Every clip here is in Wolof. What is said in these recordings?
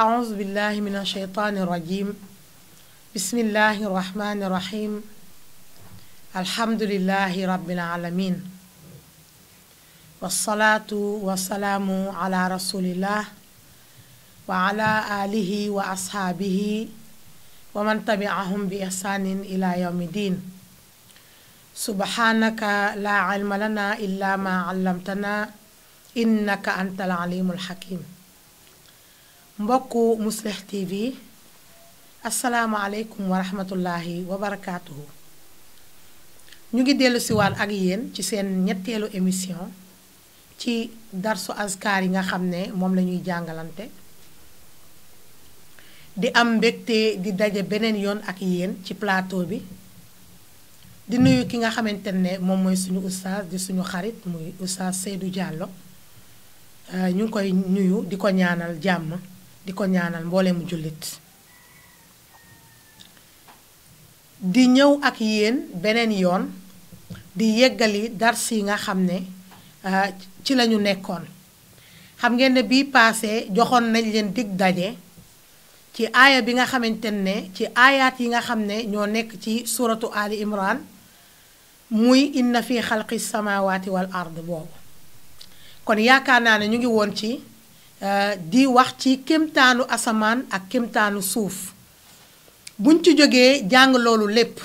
أعوذ بالله من الشيطان الرجيم بسم الله الرحمن الرحيم الحمد لله رب العالمين والصلاة والسلام على رسول الله وعلى آله وأصحابه ومن تبعهم بإحسان إلى يوم الدين سبحانك لا علم لنا إلا ما علمتنا إنك أنت العليم الحكيم mbokku Mouslih TV asalaamaaleykum wa rahmatullahi wa ñu ngi dellu siwaat ak yéen ci seen ñetteelu émission ci darsu askar yi nga xam ne moom la ñuy jàngalante di am mbégte di daje beneen yoon ak yéen ci plateau bi di nuyu ki nga xamante ne moom mooy suñu oustaz di suñu xarit muy oustaz Seydou Diallo euh, ñu ngi koy nuyu di ko ñaanal jàmm di ko ñaanal mboole mu jullit di ñëw ak yéen beneen yoon di yëggali dars yi nga xam ne ah, ci lañu nekkoon xam ngeen ne bii paase joxoon nañ leen dig daje ci aaya bi nga xamante ne ci aayaat yi nga xam ne ñoo nekk ci suratu ali imran muy inna fi xalqi samawaati wal ard boobu kon yaakaar naa ne ñu ngi woon ci Euh, di wax ci kémtaanu asamaan ak kémtaanu suuf buñ ci jógee jàng loolu lépp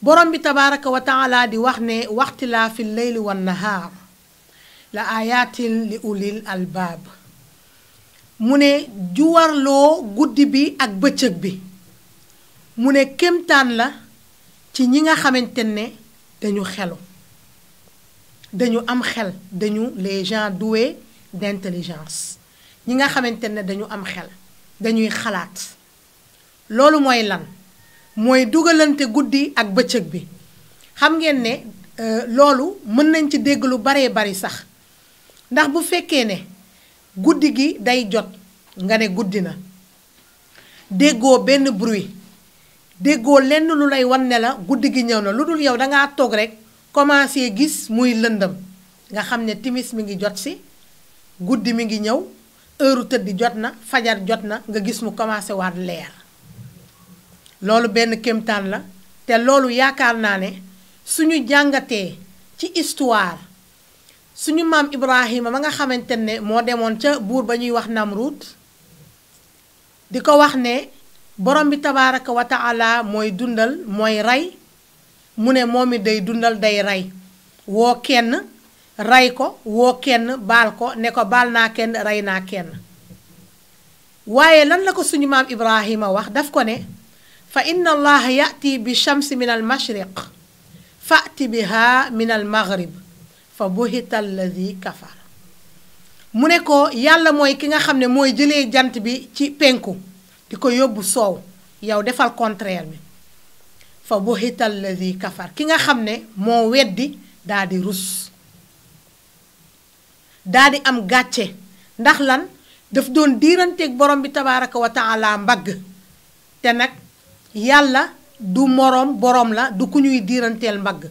borom bi tabaaraka wa taala di wax ne waxti waxtilaafi leyli wan nahaar la ayaatin li ulil albaab mu ne juwarloo guddi bi ak bëccëg bi mu ne kemtaan la ci ñi nga xamante ne dañu xelu dañu am xel dañu les gens doués d'intelligence ñi nga xamante ne dañu am xel dañuy xalaat loolu mooy lan mooy dugalante guddi ak bëccëg bi xam ngeen ne euh, loolu mën nañ ci dégg lu baree bari sax ndax bu fekkee ne guddi gi day jot nga ne guddi na déggoo benn bruit déggoo lenn lu lay wan ne la guddi gi ñëw na lu dul yow dangaa toog rekk commencé gis muy lëndam nga xam ne timis mi ngi jot si guddi mi ngi ñëw heure tëdd jot na fajar jot na nga gis mu commencé waat leer loolu benn kéemtaan la te loolu yaakaar naa ne suñu jàngatee ci histoire suñu maam Ibrahima ma nga xamante ne moo demoon ca buur ba ñuy wax Namrud di ko wax ne borom bi tabaaraka wa mooy dundal mooy rey mu ne moom it day dundal day rey woo kenn rey ko woo kenn baal ko ne ko baal naa kenn rey naa kenn waaye lan la ko suñu maam Ibrahima wax daf ko ne fa inna allaha yati bi shamsi min al mashriq fati biha min al maghrib fa buhita alladi kafar mu ne ko yàlla mooy ki nga xam ne mooy jëlee jant bi ci penku di ko yóbbu soow yow defal contraire bi fa buhita alladi kafar ki nga xam ne moo weddi daal di rus daa di am gàcce ndax lan daf doon diiranteeg boroom bi tabaaraka wa taala mbagg te nag yàlla du moroom boroom la du ku ñuy diiranteel mbagg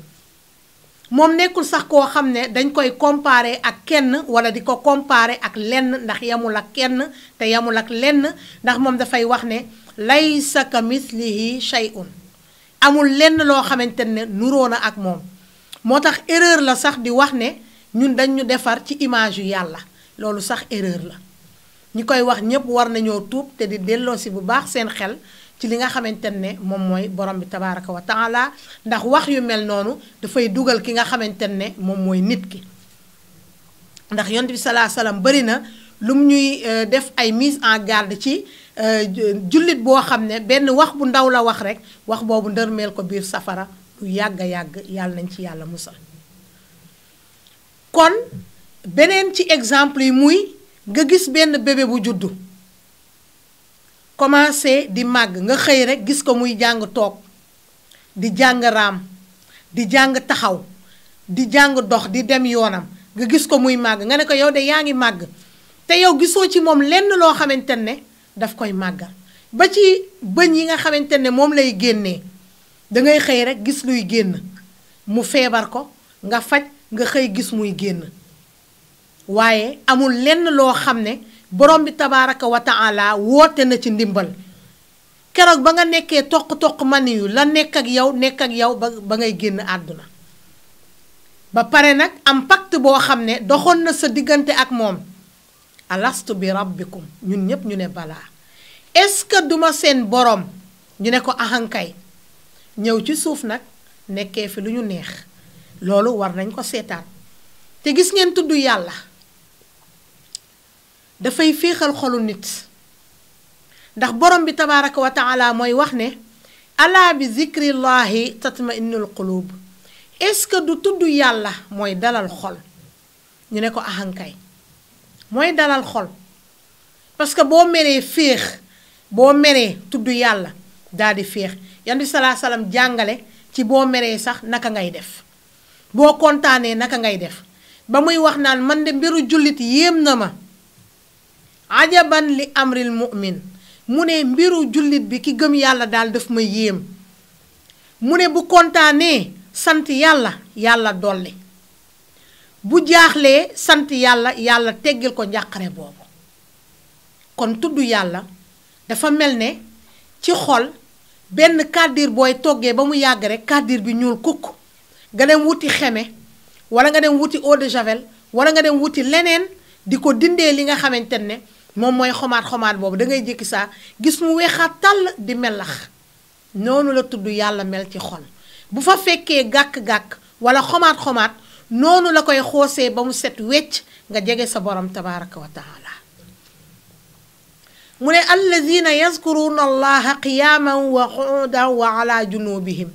moom nekkul sax koo xam ne dañ koy comparer ak kenn wala di ko comparer ak lenn ndax yamul ak kenn te yamul ak lenn ndax moom dafay wax ne laysa ka mislihi shay'un amul lenn loo xamante ne nuróo na ak moom moo tax erreur la sax di wax ne ñun dañ defar ci image yu yàlla loolu sax erreur la ñi koy wax ñépp war nañoo tuub te di delloosi bu baax seen xel ci li nga xamante ne moom mooy borom bi tabaraka wa taala ndax wax yu mel noonu dafay dugal ki nga xamante ne moom mooy nit ki ndax yonent bi salaa salaam bëri na lum ñuy euh, def ay mise en garde ci euh, jullit boo xam ne benn wax bu ndaw la wax rekk wax boobu ndërmeel ko biir safara lu yàgg yàgg yàlla nañ ci yàlla musal kon beneen ci exemple yi muy nga gis benn bébé juddu commencé di màgg nga xëy rekk gis ko muy jàng toog di jàng raam di jàng taxaw di jàng dox di dem yoonam nga gis ko muy màgg nga ne ko yow de yaa ngi màgg te yow gisoo ci moom lenn loo xamante ne daf koy màggal ba ci bëñ yi nga xamante ne moom lay génnee dangay xëy rekk gis luy génn mu feebar ko nga faj nga xëy gis muy génn waaye amul lenn loo xam ne borom bi tabaaraka wa woote na ci ndimbal keroog ba nga nekkee toq-toq man yu la nekk ak yow nekk ak yow ba ba ngay génn àdduna ba pare nag am pacte boo xam ne doxoon na sa diggante ak moom alastu bi rabbikum ñun ñépp ñu ne balaa est-ce duma seen borom ñu ne ko ahankay ñëw ci suuf nag nekkee fi lu ñu neex loolu war nañ ko seetaan te gis ngeen tudd yàlla dafay féexal xolu nit ndax borom bi tabaaraka wa mooy wax ne alaa bi zikrillahi tatma'innul qulub est-ce que du tudd yàlla mooy dalal xol ñu ne ko ahankay mooy dalal xol parce que boo meree féex boo meree tudd yàlla dal di féex yandu salaa salaam jàngale ci boo meree sax naka ngay def boo kontaanee naka ngay def ba muy wax naan man de mbiru jullit yéem na ma ajaban li amril mu'min mu ne mbiru jullit bi ki gëm yàlla daal daf ma yéem mu ne bu kontaanee sant yàlla yàlla dolli bu jaaxlee sant yàlla yàlla teggil ko njàqare boobu kon tudd yàlla dafa mel ne ci xol benn kàddir booy toggee ba mu yàgg rekk kàddir bi ñuul kukk nga dem wuti xeme wala nga dem wuti eau de javel wala nga dem wuti leneen di ko dindee li nga xamante ne moom mooy xomaat xomaat boobu da ngay jékki saa gis mu weexaat tàll di melax noonu la tudd yàlla mel ci xol bu fa fekkee gàkk-gàkk wala xomaat xomaat noonu la koy xoosee ba mu set wecc nga jege sa borom tabaraka wa taala mu ne alladina yazkuruna allaha qiyaman wa quudan wa ala junubihim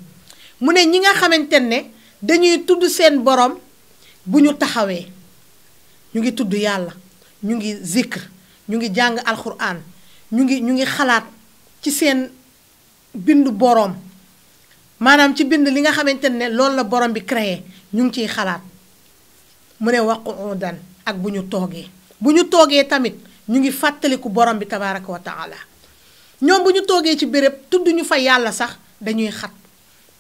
mu ne ñi nga xamante ne dañuy tudd seen borom bu ñu taxawee ñu ngi tudd yàlla ñu ngi zikr ñu ngi jàng alxuraan ñu ngi ñu ngi xalaat ci seen bind boroom maanaam ci bind li nga xamante ne loolu la borom bi créé ñu ngi ciy xalaat mu ne wax dan ak bu ñu toogee bu ñu toogee tamit ñu ngi fàttaliku borom bi tabaaraka wa taala ñoom bu ñu toogee ci béréb tudd ñu fa yàlla sax dañuy xat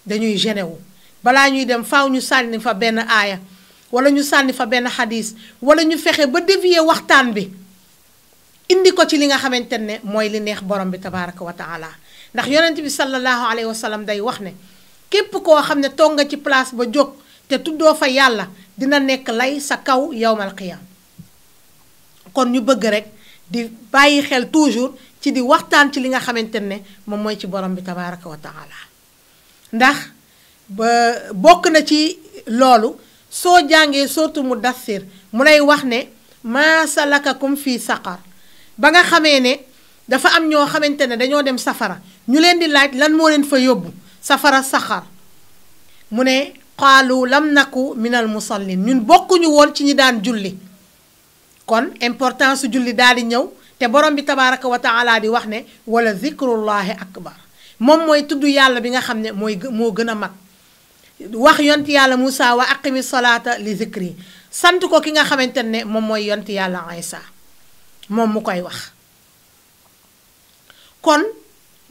dañuy genewu balaa ñuy dem faw ñu sànni fa benn aaya wala ñu sànni fa benn xadiis wala ñu fexe ba dévier waxtaan bi indi ko ci li nga xamante ne mooy li neex borom bi tabaaraka wa ndax yonent bi sallallahu alayhi wa sallam day wax ne képp koo xam ne toog nga ci place ba jóg te tuddoo fa yàlla dina nekk lay sa kaw yowmal qiyam kon ñu bëgg rek di bàyyi xel toujours ci di waxtaan ci li nga xamante ne moom mooy ci borom bi tabaaraka wa taala ndax ba bokk na ci loolu soo jàngee sootu mu dasir mu lay wax ne maa salakakum fii saqar ba nga xamee ne dafa am ñoo xamante ne dañoo dem safara ñu leen di laaj lan moo leen fa yóbbu safara saqar mu ne qaalu lam naku minal musallin ñun bokkuñu woon ci ñi daan julli kon importance su julli daal di ñëw te borom bi tabaaraka wa taala di wax ne wala zikrullahi akbar moom mooy tudd yàlla bi nga xam ne mooy moo gën a mag wax yonti yàlla Moussa wa aqimi salaata li zikri sant ko ki nga xamante ne moom mooy yonti yàlla Isa moom mu koy wax kon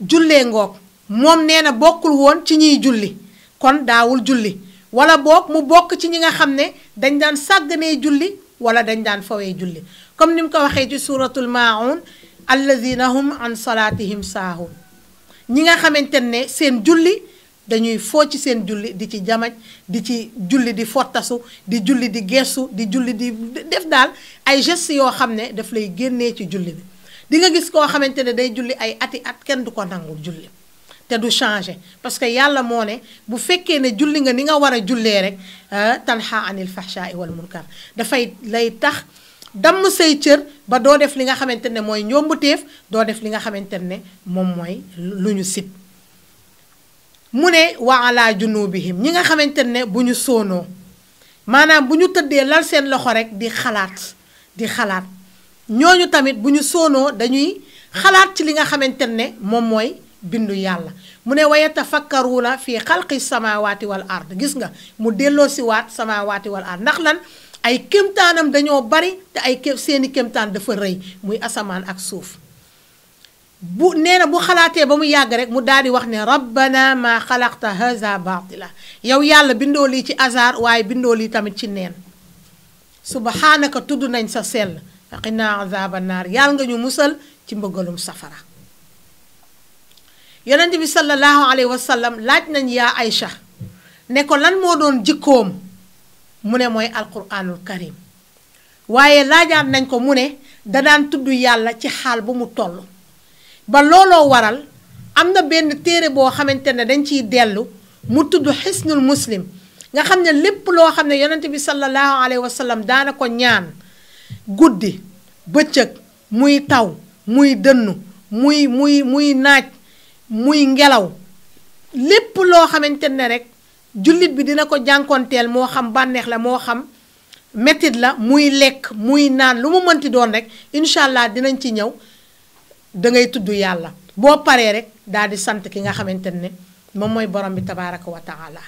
jullee ngoog moom nee na bokkul woon ci ñiy julli kon daawul julli wala boog bokk ci ñi nga xam ne dañ daan sàgganee julli wala dañ daan fawee julli comme ni mu ko waxee ci suuratul maa'un alladina hum an salaatihim saahun ñi nga xamante ne seen julli dañuy foo ci seen julli di ci jamaj di ci julli di fottasu di julli di gestu di julli di def daal ay gestes yoo xam ne daf lay génnee ci julli bi di nga gis koo xamante ne day julli ay ati at kenn du ko nangu julli te du changé parce que yàlla moo ne bu fekkee ne julli nga ni nga war a jullee rek euh, tanha anil fahsha'i wal munkar dafay lay tax dam say cër ba doo def li nga xamante ne mooy njombuteef doo def li nga xamante ne moom mooy lu ñu sib mu ne wa ala junubihim ñi nga xamante ne bu ñu soonoo maanaam bu ñu tëddee lal seen loxo rek di xalaat di xalaat ñooñu tamit bu ñu soonoo dañuy xalaat ci li nga xamante ne moom mooy bindu yàlla mu ne wa yatafakkaruuna fii sama waati wal ard gis nga mu delloo si waat waati wal ard ndax lan ay kémtaanam dañoo bari te ay seeni kémtaan dafa rëy muy asamaan ak suuf bu nee bu xalaatee ba mu yàgg rek mu daal di wax ne rabbana ma xalaqta haza baatila yow yàlla bindoo lii ci hasard waaye bindoo lii tamit ci neen subhaanaka tudd nañ sa sell faqina azaba naar yàlla nga ñu musal ci mbëggalum safara yonent bi sallallahu alayhi wa sallam laaj nañ yaa Aïcha ne ko lan moo doon jikkoom mu ne mooy alquranul karim waaye laajaat nañ ko mu ne da daan tudd yàlla ci xaal bu mu toll ba looloo waral am na benn téere boo xamante ne dañ ciy dellu mu tudd xisnul muslim nga xam ne lépp loo xam ne yonent bi sallallahu alayhi wa sallam daana ko ñaan guddi bëccëg muy taw muy dënnu muy muy muy naaj muy ngelaw lépp loo xamante ne rek jullit bi dina ko jànkoonteel moo xam bànneex la moo xam métit la muy lekk muy naan lu mu mënti doon rek incha allah dinañ ci ñëw da ngay tudd yàlla boo paree rek daal di sant ki nga xamante ne moom mooy borom bi tabaaraka wa taala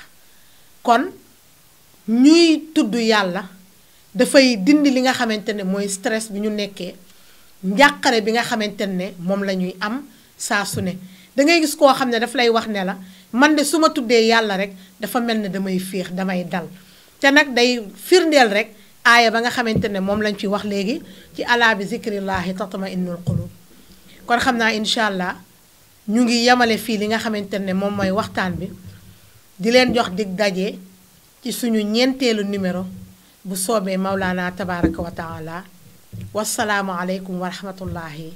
kon ñuy tudd yàlla dafay dindi li nga xamante ne mooy stress bi ñu nekkee njàqare bi nga xamante ne moom la ñuy am saa su ne da ngay gis koo xam ne daf lay wax ne la man de su ma tuddee yàlla rek dafa mel ne damay féex damay dal te nag day firndeel rek aaya ba nga xamante ne moom lañ ci wax léegi ci alaa bi zikrillahi tatma innul qulub kon xam naa incha allah ñu ngi yemale fii li nga xamante ne moom mooy waxtaan bi di leen jox dig daje ci suñu ñeenteelu numéro bu soobee Maulana tabaraka wa taala wasalaamu aleykum wa rahmatullahi